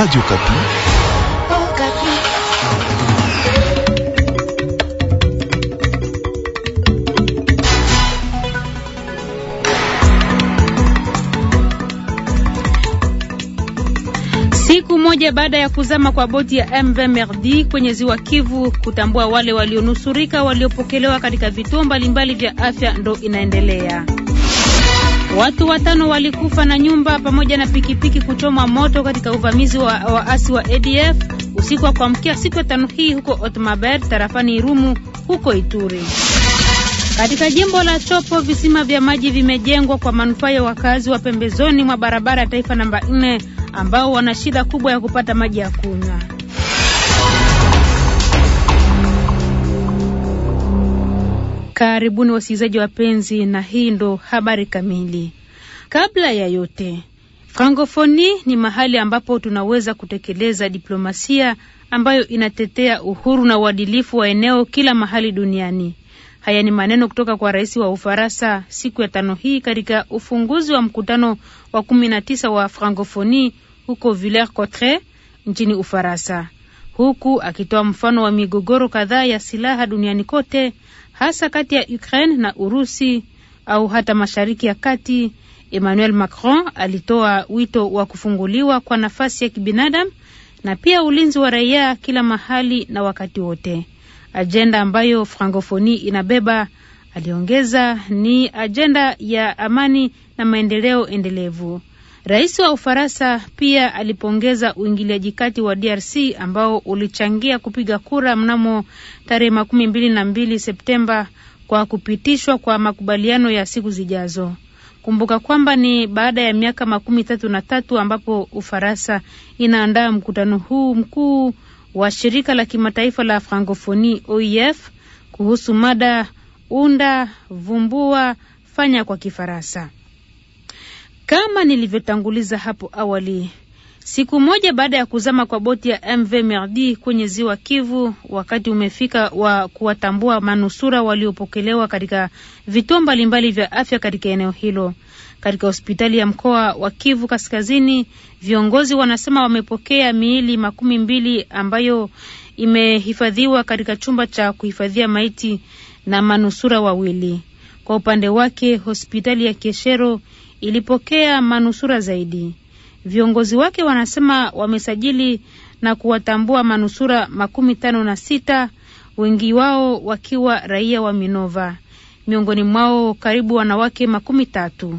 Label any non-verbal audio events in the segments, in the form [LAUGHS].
Radio Kapi. Oh, Kapi. Siku moja baada ya kuzama kwa boti ya MV Merdi kwenye ziwa Kivu, kutambua wale walionusurika waliopokelewa katika vituo mbalimbali vya afya ndo inaendelea. Watu watano walikufa na nyumba pamoja na pikipiki kuchomwa moto katika uvamizi wa waasi wa ADF usiku wa kuamkia siku ya tano hii huko Otmaber tarafani Irumu huko Ituri. Katika jimbo la Chopo visima vya maji vimejengwa kwa manufaa ya wakazi wa pembezoni mwa barabara ya taifa namba 4 ambao wana shida kubwa ya kupata maji ya kunywa. Karibuni wasikilizaji wapenzi, na hii ndo habari kamili. Kabla ya yote, Frankofoni ni mahali ambapo tunaweza kutekeleza diplomasia ambayo inatetea uhuru na uadilifu wa eneo kila mahali duniani. Haya ni maneno kutoka kwa rais wa Ufaransa siku ya tano hii katika ufunguzi wa mkutano wa kumi na tisa wa Frankofoni huko Villers Cotre nchini Ufaransa huku akitoa mfano wa migogoro kadhaa ya silaha duniani kote, hasa kati ya Ukraine na Urusi au hata Mashariki ya Kati. Emmanuel Macron alitoa wito wa kufunguliwa kwa nafasi ya kibinadamu na pia ulinzi wa raia kila mahali na wakati wote, ajenda ambayo Francophonie inabeba. Aliongeza, ni ajenda ya amani na maendeleo endelevu. Rais wa Ufaransa pia alipongeza uingiliaji kati wa DRC ambao ulichangia kupiga kura mnamo tarehe makumi mbili na mbili Septemba kwa kupitishwa kwa makubaliano ya siku zijazo. Kumbuka kwamba ni baada ya miaka makumi tatu na tatu ambapo Ufaransa inaandaa mkutano huu mkuu wa shirika la kimataifa la Francophonie OIF kuhusu mada unda vumbua fanya kwa Kifaransa. Kama nilivyotanguliza hapo awali, siku moja baada ya kuzama kwa boti ya MV Merdi kwenye ziwa Kivu, wakati umefika wa kuwatambua manusura waliopokelewa katika vituo mbalimbali vya afya katika eneo hilo. Katika hospitali ya mkoa wa Kivu Kaskazini, viongozi wanasema wamepokea miili makumi mbili ambayo imehifadhiwa katika chumba cha kuhifadhia maiti na manusura wawili. Kwa upande wake, hospitali ya Keshero ilipokea manusura zaidi. Viongozi wake wanasema wamesajili na kuwatambua manusura makumi tano na sita, wengi wao wakiwa raia wa Minova, miongoni mwao karibu wanawake makumi tatu.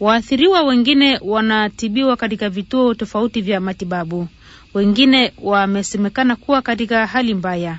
Waathiriwa wengine wanatibiwa katika vituo tofauti vya matibabu, wengine wamesemekana kuwa katika hali mbaya.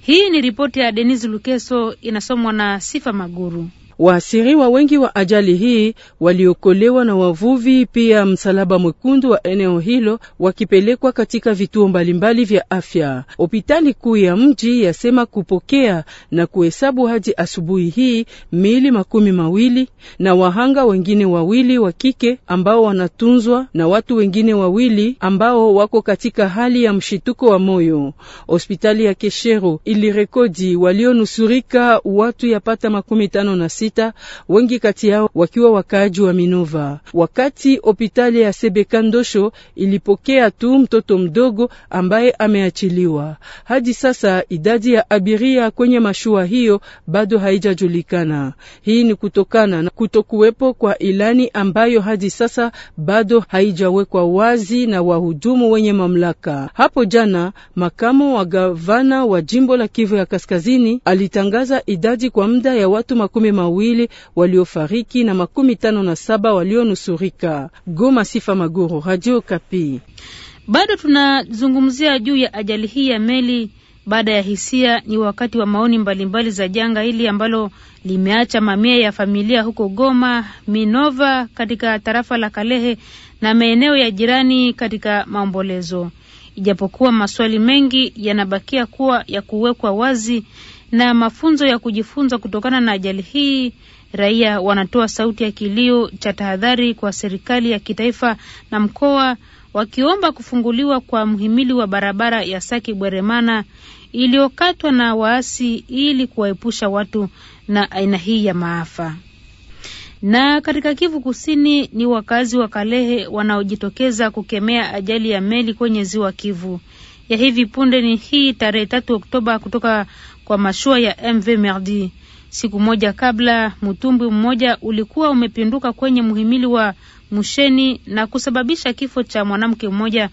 Hii ni ripoti ya Denis Lukeso, inasomwa na Sifa Maguru. Waasiriwa wengi wa ajali hii waliokolewa na wavuvi pia Msalaba Mwekundu wa eneo hilo wakipelekwa katika vituo mbalimbali vya afya. Hospitali kuu ya mji yasema kupokea na kuhesabu hadi asubuhi hii miili makumi mawili na wahanga wengine wawili wa kike ambao wanatunzwa na watu wengine wawili ambao wako katika hali ya mshituko wa moyo. Hospitali ya Keshero ilirekodi walionusurika watu yapata makumi tano na sita sita, wengi kati yao wakiwa wakaaji wa Minova. Wakati hopitali ya Sebeka Ndosho ilipokea tu mtoto mdogo ambaye ameachiliwa. Hadi sasa idadi ya abiria kwenye mashua hiyo bado haijajulikana. Hii ni kutokana na kutokuwepo kwa ilani ambayo hadi sasa bado haijawekwa wazi na wahudumu wenye mamlaka. Hapo jana makamo wa gavana wa jimbo la Kivu ya Kaskazini alitangaza idadi kwa muda ya watu makumi mawili wawili waliofariki na makumi tano na saba walionusurika. Goma, Sifa Maguru, Radio Kapi. Bado tunazungumzia juu ya ajali hii ya meli. Baada ya hisia, ni wakati wa maoni mbalimbali za janga hili ambalo limeacha mamia ya familia huko Goma, Minova katika tarafa la Kalehe na maeneo ya jirani katika maombolezo. Ijapokuwa maswali mengi yanabakia kuwa ya kuwekwa wazi, na mafunzo ya kujifunza kutokana na ajali hii. Raia wanatoa sauti ya kilio cha tahadhari kwa serikali ya kitaifa na mkoa, wakiomba kufunguliwa kwa mhimili wa barabara ya Saki Bweremana iliyokatwa na waasi ili kuwaepusha watu na aina hii ya maafa. Na katika Kivu Kusini ni wakazi wa Kalehe wanaojitokeza kukemea ajali ya meli kwenye ziwa Kivu ya hivi punde ni hii tarehe tatu Oktoba kutoka kwa mashua ya MV Merdi. Siku moja kabla, mtumbwi mmoja ulikuwa umepinduka kwenye mhimili wa Musheni na kusababisha kifo cha mwanamke mmoja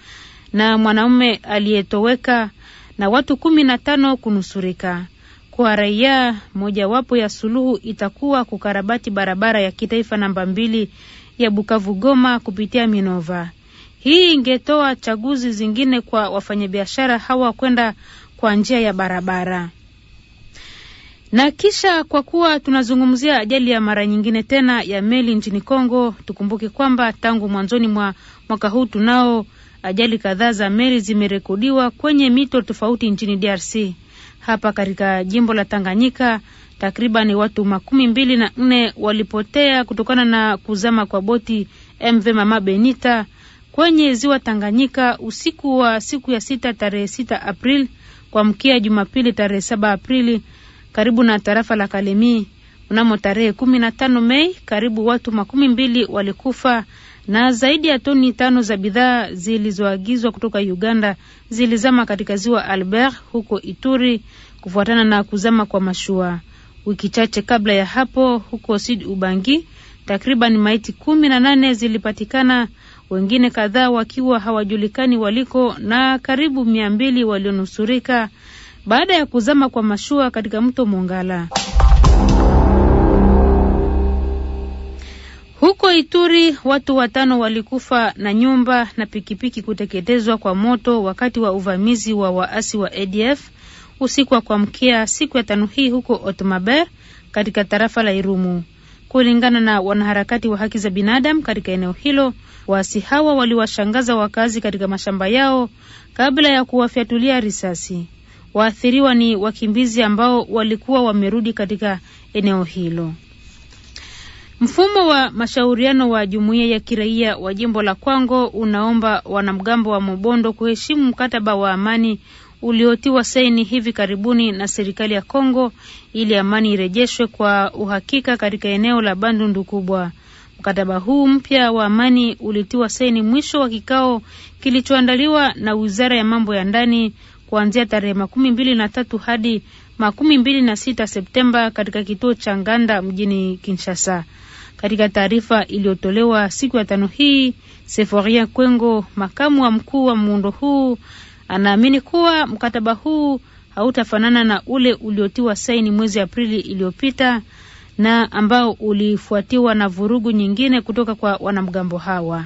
na mwanaume aliyetoweka na watu kumi na tano kunusurika. Kwa raia, mojawapo ya suluhu itakuwa kukarabati barabara ya kitaifa namba mbili ya Bukavu Goma kupitia Minova. Hii ingetoa chaguzi zingine kwa wafanyabiashara hawa kwenda kwa njia ya barabara. Na kisha kwa kuwa tunazungumzia ajali ya mara nyingine tena ya meli nchini Kongo, tukumbuke kwamba tangu mwanzoni mwa mwaka huu tunao ajali kadhaa za meli zimerekodiwa kwenye mito tofauti nchini DRC. Hapa katika jimbo la Tanganyika, takriban watu makumi mbili na nne walipotea kutokana na kuzama kwa boti MV Mama Benita kwenye ziwa Tanganyika usiku wa siku ya sita tarehe sita Aprili kuamkia Jumapili tarehe saba Aprili karibu na tarafa la Kalemi. Mnamo tarehe kumi na tano Mei, karibu watu makumi mbili walikufa na zaidi ya toni tano za bidhaa zilizoagizwa kutoka Uganda zilizama katika ziwa Albert huko Ituri kufuatana na kuzama kwa mashua. Wiki chache kabla ya hapo, huko Sud Ubangi, takriban maiti kumi na nane zilipatikana wengine kadhaa wakiwa hawajulikani waliko na karibu mia mbili walionusurika baada ya kuzama kwa mashua katika mto Mongala. Huko Ituri watu watano walikufa na nyumba na pikipiki kuteketezwa kwa moto wakati wa uvamizi wa waasi wa ADF usiku wa kuamkia siku ya tano hii huko Otmaber katika tarafa la Irumu. Kulingana na wanaharakati wa haki za binadamu katika eneo hilo, waasi hawa waliwashangaza wakazi katika mashamba yao kabla ya kuwafyatulia risasi. Waathiriwa ni wakimbizi ambao walikuwa wamerudi katika eneo hilo. Mfumo wa mashauriano wa jumuiya ya kiraia wa jimbo la Kwango unaomba wanamgambo wa Mobondo kuheshimu mkataba wa amani uliotiwa saini hivi karibuni na serikali ya Kongo ili amani irejeshwe kwa uhakika katika eneo la Bandundu kubwa. Mkataba huu mpya wa amani ulitiwa saini mwisho wa kikao kilichoandaliwa na Wizara ya Mambo ya Ndani kuanzia tarehe makumi mbili na tatu hadi makumi mbili na sita Septemba katika kituo cha Nganda mjini Kinshasa. Katika taarifa iliyotolewa siku ya tano hii, Seforia Kwengo, makamu wa mkuu wa muundo huu, Anaamini kuwa mkataba huu hautafanana na ule uliotiwa saini mwezi Aprili iliyopita na ambao ulifuatiwa na vurugu nyingine kutoka kwa wanamgambo hawa.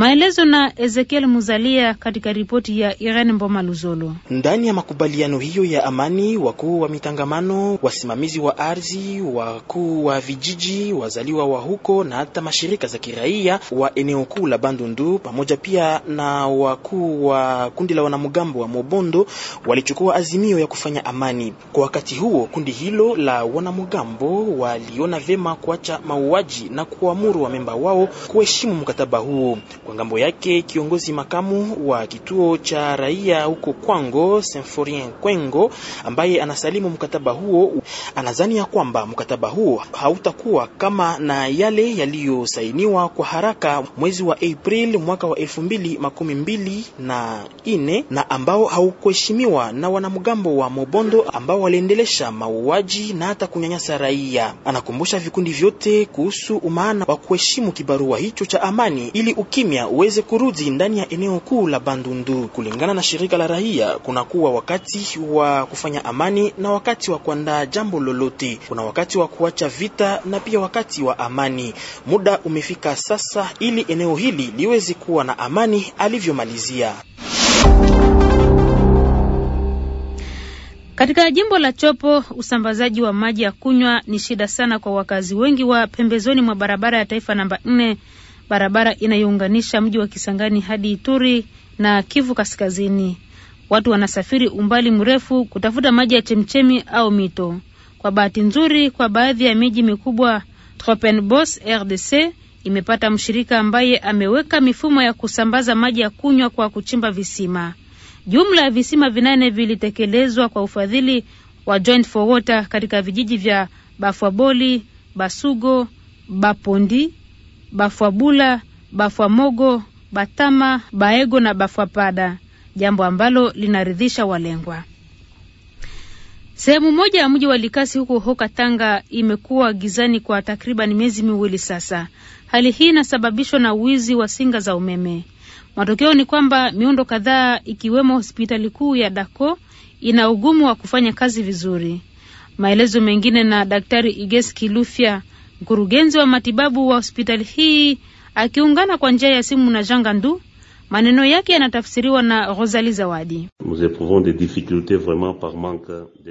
Maelezo na Ezekiel Muzalia katika ripoti ya Irene Mboma Luzolo. Ndani ya makubaliano hiyo ya amani, wakuu wa mitangamano, wasimamizi wa ardhi, wakuu wa vijiji, wazaliwa wa huko na hata mashirika za kiraia wa eneo kuu la Bandundu pamoja pia na wakuu wa kundi la wanamgambo wa Mobondo walichukua azimio ya kufanya amani. Kwa wakati huo, kundi hilo la wanamgambo waliona vema kuacha mauaji na kuamuru wamemba wao kuheshimu mkataba huo. Kwa ngambo yake kiongozi makamu wa kituo cha raia huko Kwango Symphorien Kwengo, ambaye anasalimu mkataba huo, anadhani ya kwamba mkataba huo hautakuwa kama na yale yaliyosainiwa kwa haraka mwezi wa April mwaka wa elfu mbili makumi mbili na ine na ambao haukuheshimiwa na wanamgambo wa Mobondo ambao waliendelesha mauaji na hata kunyanyasa raia. Anakumbusha vikundi vyote kuhusu umaana wa kuheshimu kibarua hicho cha amani ili ukimi kimya uweze kurudi ndani ya eneo kuu la Bandundu. Kulingana na shirika la raia, kunakuwa wakati wa kufanya amani na wakati wa kuandaa jambo lolote. Kuna wakati wa kuacha vita na pia wakati wa amani. Muda umefika sasa ili eneo hili liweze kuwa na amani, alivyomalizia. Katika jimbo la Chopo usambazaji wa maji ya kunywa ni shida sana kwa wakazi wengi wa pembezoni mwa barabara ya taifa namba nne barabara inayounganisha mji wa Kisangani hadi Ituri na Kivu Kaskazini. Watu wanasafiri umbali mrefu kutafuta maji ya chemchemi au mito. Kwa bahati nzuri, kwa baadhi ya miji mikubwa, Tropenbos RDC imepata mshirika ambaye ameweka mifumo ya kusambaza maji ya kunywa kwa kuchimba visima. Jumla ya visima vinane vilitekelezwa kwa ufadhili wa Joint for Water katika vijiji vya Bafwaboli, Basugo, Bapondi, Bafwabula, Bafwamogo, Batama, Baego na Bafwapada, jambo ambalo linaridhisha walengwa. Sehemu moja ya mji wa Likasi huko Hoka Tanga imekuwa gizani kwa takriban miezi miwili sasa. Hali hii inasababishwa na wizi wa singa za umeme. Matokeo ni kwamba miundo kadhaa ikiwemo hospitali kuu ya Dako ina ugumu wa kufanya kazi vizuri. Maelezo mengine na Daktari Iges Kilufya, Mkurugenzi wa matibabu wa hospitali hii akiungana kwa njia ya simu na Jean Gandu Maneno yake yanatafsiriwa na Rosali Zawadi.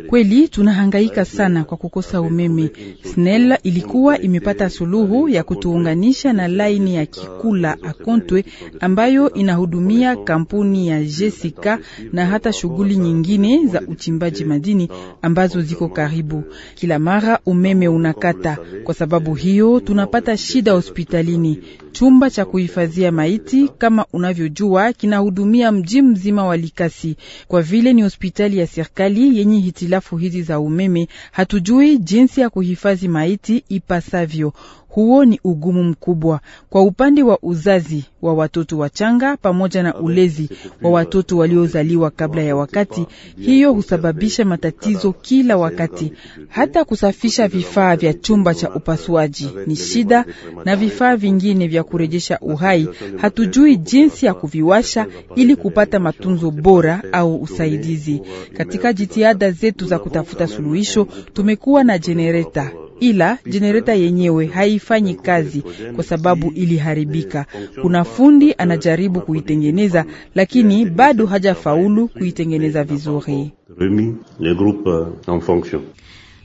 Kweli tunahangaika sana kwa kukosa umeme. SNEL ilikuwa imepata suluhu ya kutuunganisha na laini ya Kikula Akontwe ambayo inahudumia kampuni ya Jessica na hata shughuli nyingine za uchimbaji madini ambazo ziko karibu. Kila mara umeme unakata. Kwa sababu hiyo tunapata shida hospitalini. Chumba cha kuhifadhia maiti kama unavyo jua kinahudumia mji mzima wa Likasi. Kwa vile ni hospitali ya serikali yenye hitilafu hizi za umeme, hatujui jinsi ya kuhifadhi maiti ipasavyo huo ni ugumu mkubwa kwa upande wa uzazi wa watoto wachanga pamoja na ulezi wa watoto waliozaliwa kabla ya wakati. Hiyo husababisha matatizo kila wakati. Hata kusafisha vifaa vya chumba cha upasuaji ni shida, na vifaa vingine vya kurejesha uhai hatujui jinsi ya kuviwasha ili kupata matunzo bora au usaidizi. Katika jitihada zetu za kutafuta suluhisho, tumekuwa na jenereta ila jenereta yenyewe haifanyi kazi kwa sababu iliharibika. Kuna fundi anajaribu kuitengeneza, lakini bado hajafaulu kuitengeneza vizuri. Euh,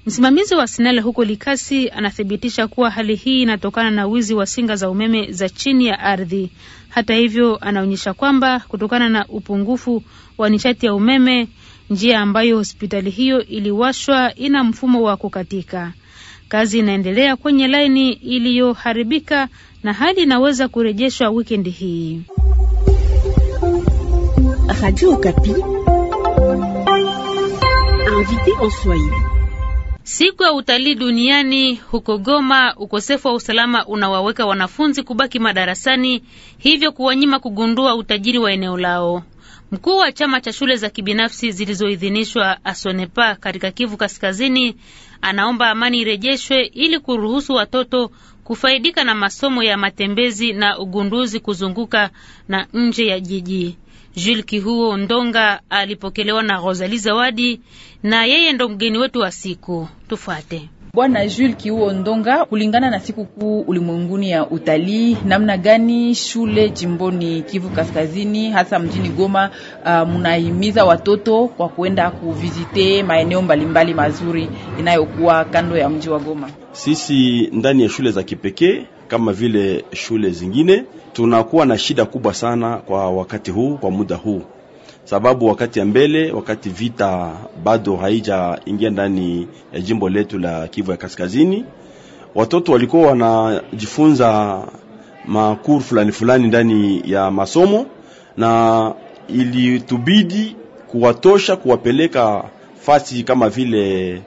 Msimamizi wa Sinele huko Likasi anathibitisha kuwa hali hii inatokana na wizi wa singa za umeme za chini ya ardhi. Hata hivyo, anaonyesha kwamba kutokana na upungufu wa nishati ya umeme, njia ambayo hospitali hiyo iliwashwa ina mfumo wa kukatika. Kazi inaendelea kwenye laini iliyoharibika na hali inaweza kurejeshwa wikendi hii. Siku ya utalii duniani huko Goma, ukosefu wa usalama unawaweka wanafunzi kubaki madarasani, hivyo kuwanyima kugundua utajiri wa eneo lao. Mkuu wa chama cha shule za kibinafsi zilizoidhinishwa Asonepa katika Kivu Kaskazini anaomba amani irejeshwe ili kuruhusu watoto kufaidika na masomo ya matembezi na ugunduzi kuzunguka na nje ya jiji. Jules Kihuo Ndonga alipokelewa na Rosalie Zawadi na yeye ndo mgeni wetu wa siku. Tufuate. Bwana Jules Kiuo Ndonga, kulingana na siku kuu ulimwenguni ya utalii, namna gani shule jimboni Kivu Kaskazini, hasa mjini Goma, uh, mnahimiza watoto kwa kuenda kuvizite maeneo mbalimbali mazuri inayokuwa kando ya mji wa Goma? Sisi ndani ya shule za kipekee kama vile shule zingine tunakuwa na shida kubwa sana kwa wakati huu, kwa muda huu sababu wakati ya mbele, wakati vita bado haija ingia ndani ya jimbo letu la Kivu ya Kaskazini, watoto walikuwa wanajifunza makuru fulani fulani ndani ya masomo, na ilitubidi kuwatosha kuwapeleka fasi kama vile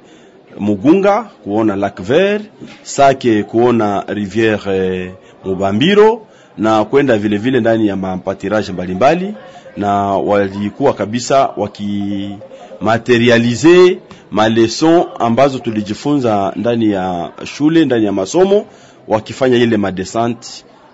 Mugunga kuona Lac Vert, Sake kuona Riviere eh, Mubambiro na kwenda vile vile ndani ya mapatiraje mbalimbali mbali na walikuwa kabisa wakimaterialize maleson ambazo tulijifunza ndani ya shule, ndani ya masomo, wakifanya ile madesante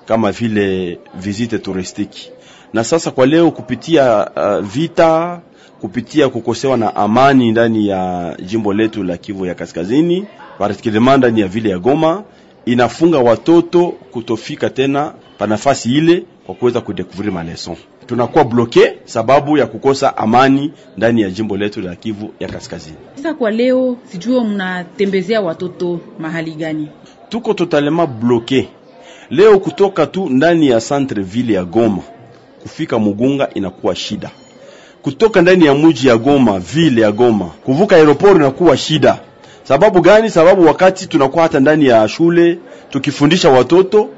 kama vile visite touristique. Na sasa kwa leo kupitia uh, vita kupitia kukosewa na amani ndani ya jimbo letu la Kivu ya Kaskazini, particulierement ndani ya vile ya Goma, inafunga watoto kutofika tena pa nafasi ile kwa kuweza kudecouvrir maleson. Tunakuwa bloke sababu ya kukosa amani ndani ya jimbo letu la Kivu ya Kaskazini. Sasa kwa leo, sijui mnatembezea watoto mahali gani? Tuko totalement bloke leo, kutoka tu ndani ya centre ville ya Goma kufika Mugunga inakuwa shida, kutoka ndani ya muji ya Goma vile ya Goma kuvuka aeroport inakuwa shida. Sababu gani? Sababu wakati tunakuwa hata ndani ya shule tukifundisha watoto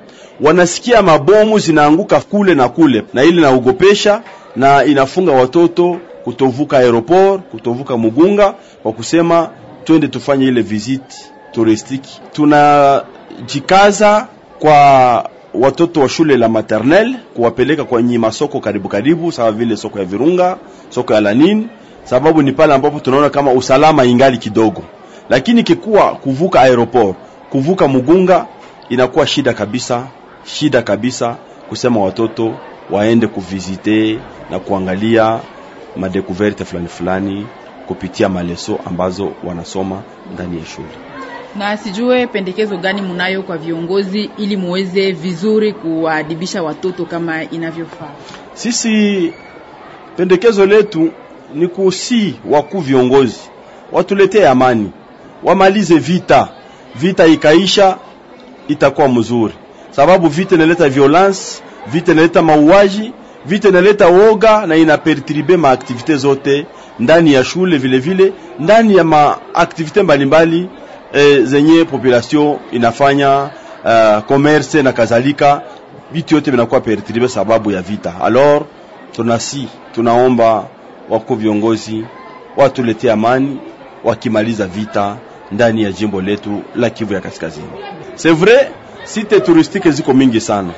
wanasikia mabomu zinaanguka kule na kule, na ili naogopesha na inafunga watoto kutovuka aeroport, kutovuka Mugunga, kwa kusema twende tufanye ile visite touristiki. Tunajikaza kwa watoto wa shule la maternel kuwapeleka kwenye masoko karibu karibu, sawa vile soko ya Virunga, soko ya Lanini, sababu ni pale ambapo tunaona kama usalama ingali kidogo, lakini kikuwa kuvuka aeroport, kuvuka Mugunga inakuwa shida kabisa shida kabisa kusema watoto waende kuvizite na kuangalia madekuverte fulani fulani kupitia maleso ambazo wanasoma ndani ya shule. Na sijue pendekezo gani munayo kwa viongozi ili muweze vizuri kuwaadibisha watoto kama inavyofaa? Sisi pendekezo letu ni kusi wakuu viongozi watuletee amani, wamalize vita, vita ikaisha itakuwa mzuri sababu vita inaleta violence, vita inaleta mauaji, vita inaleta woga na inapertribe maaktivite zote ndani ya shule vilevile vile, ndani ya maaktivite mbalimbali e, zenye population inafanya uh, commerce na kadhalika, vitu yote vinakuwa pertribe sababu ya vita. Alors tunasi tunaomba wako viongozi watuletee amani wakimaliza vita ndani ya jimbo letu la Kivu ya Kaskazini. C'est vrai site turistike ziko mingi sana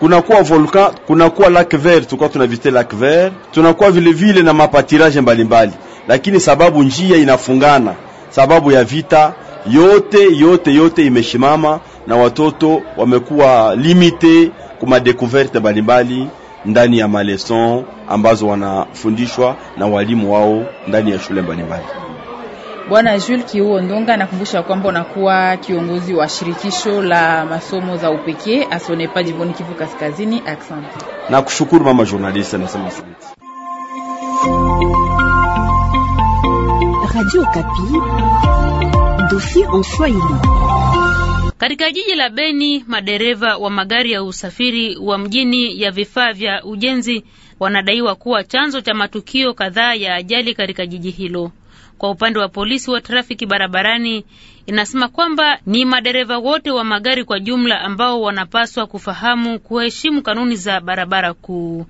kunakuwa volcan, kunakuwa lac vert, tulikuwa tunavite lac vert, tunakuwa vile vile na mapatirage mbalimbali, lakini sababu njia inafungana sababu ya vita, yote yote yote imeshimama na watoto wamekuwa limite kuma découverte mbalimbali ndani ya maleson ambazo wanafundishwa na walimu wao ndani ya shule mbalimbali mbali. Bwana Jules Kiuo Ndonga nakumbusha kwamba unakuwa kiongozi wa shirikisho la masomo za upekee Asonepa jimboni Kivu Kaskazini. Asante na kushukuru mama journaliste, anasema asante. Radio Kapi, dofi en Swahili. Katika jiji la Beni, madereva wa magari ya usafiri wa mjini ya vifaa vya ujenzi wanadaiwa kuwa chanzo cha matukio kadhaa ya ajali katika jiji hilo. Kwa upande wa polisi wa trafiki barabarani, inasema kwamba ni madereva wote wa magari kwa jumla ambao wanapaswa kufahamu kuheshimu kanuni za barabara kuu.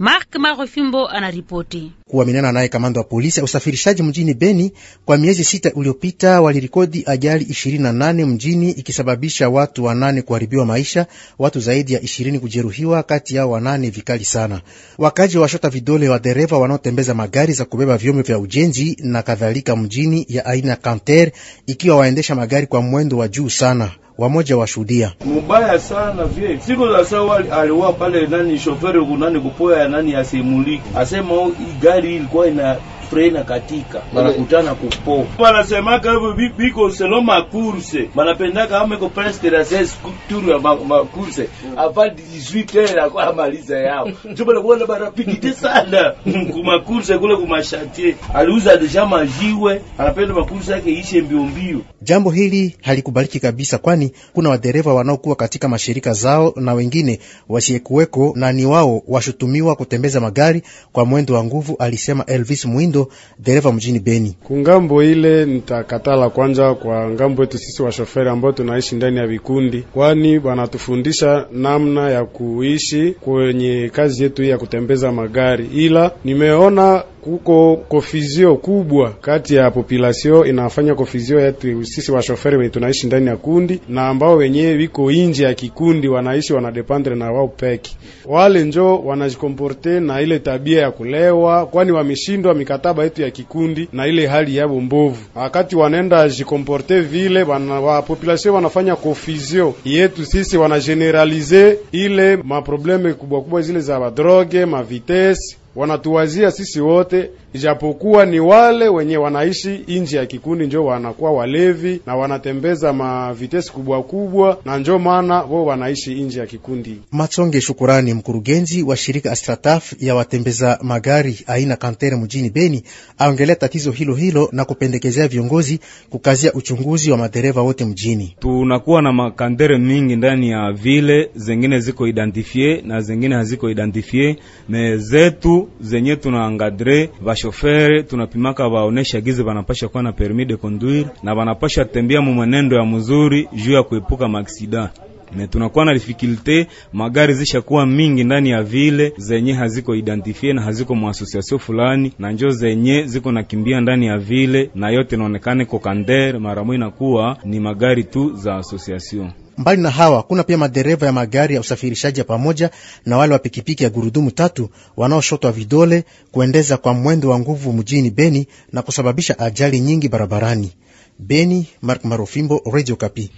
Mark Marofimbo anaripoti. Kuaminana naye kamanda wa polisi ya usafirishaji mjini Beni, kwa miezi sita uliopita walirikodi ajali 28 mjini, ikisababisha watu wanane kuharibiwa maisha, watu zaidi ya 20 kujeruhiwa, kati yao wanane vikali sana. Wakaji wa washota vidole wa dereva wanaotembeza magari za kubeba vyombo vya ujenzi na kadhalika mjini ya aina kanter, ikiwa waendesha magari kwa mwendo wa juu sana wamoja washuhudia mubaya sana vie siku za sawa aliwa pale nani shoferi kunani kupoya nani asemuliki asema gari ilikuwa ina pre na katika banakutana kupo banasemaka hivyo biko selo makurse banapendaka ameko presque na 16 tour ya makurse mm. avant 18 heure kwa amaliza yao [LAUGHS] njo banakuona barapidite sana [LAUGHS] kumakurse kule kumashantier aliuza deja majiwe anapenda makurse yake ishe mbio mbio. jambo hili halikubaliki kabisa kwani kuna wadereva wanaokuwa katika mashirika zao na wengine wasiyekuweko na ni wao washutumiwa kutembeza magari kwa mwendo wa nguvu alisema Elvis Mwindo Kabondo, dereva mjini Beni. Kungambo ile nitakatala kwanza kwa ngambo yetu sisi washoferi ambao tunaishi ndani ya vikundi, kwani wanatufundisha namna ya kuishi kwenye kazi yetu hii ya kutembeza magari, ila nimeona kuko kofizio kubwa kati ya populasio inafanya kofizio yetu sisi washoferi wenye tunaishi ndani ya kundi na ambao wenyewe wiko nje ya kikundi wanaishi wanadependre na wao peke wale, njo wanajikomporte na ile tabia ya kulewa, kwani wameshindwa mikataba yetu ya kikundi na ile hali yao mbovu. Wakati wanaenda jikomporte vile, wa populasio wanafanya kofizio yetu sisi wanageneralize ile maprobleme kubwa kubwa zile za madroge mavitesi wanatuwazia sisi wote ijapokuwa ni wale wenye wanaishi nje ya kikundi njo wanakuwa walevi na wanatembeza mavitesi kubwa kubwa, na njo maana wao wanaishi nje ya kikundi. Matsonge Shukurani, mkurugenzi wa shirika Astrataf ya watembeza magari aina kantere mjini Beni, aongelea tatizo hilo hilo na kupendekezea viongozi kukazia uchunguzi wa madereva wote mjini. Tunakuwa na makantere mingi ndani ya vile, zengine ziko identifie na zengine haziko identifie, me zetu zenye tunaangadre bashofere tunapimaka baonesha gizi banapasha kuwa na permis de conduire na banapasha tembea mu mwenendo ya mzuri juu ya kuepuka maaksida me tunakuwa na difikilte magari zishakuwa mingi ndani ya vile zenye haziko identifie na haziko muasosiasio fulani, na njo zenye ziko kimbia ndani ya vile, na yote inaonekana kokander mara inakuwa ni magari tu za asosiasio. Mbali na hawa, kuna pia madereva ya magari ya usafirishaji ya pamoja na wale wa pikipiki ya gurudumu tatu wanaoshotwa vidole kuendeza kwa mwendo wa nguvu mjini Beni na kusababisha ajali nyingi barabarani. Beni, Mark Marofimbo, Radio Kapi.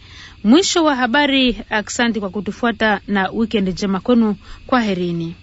Mwisho wa habari. Aksanti kwa kutufuata na wikendi njema kwenu, kwaherini.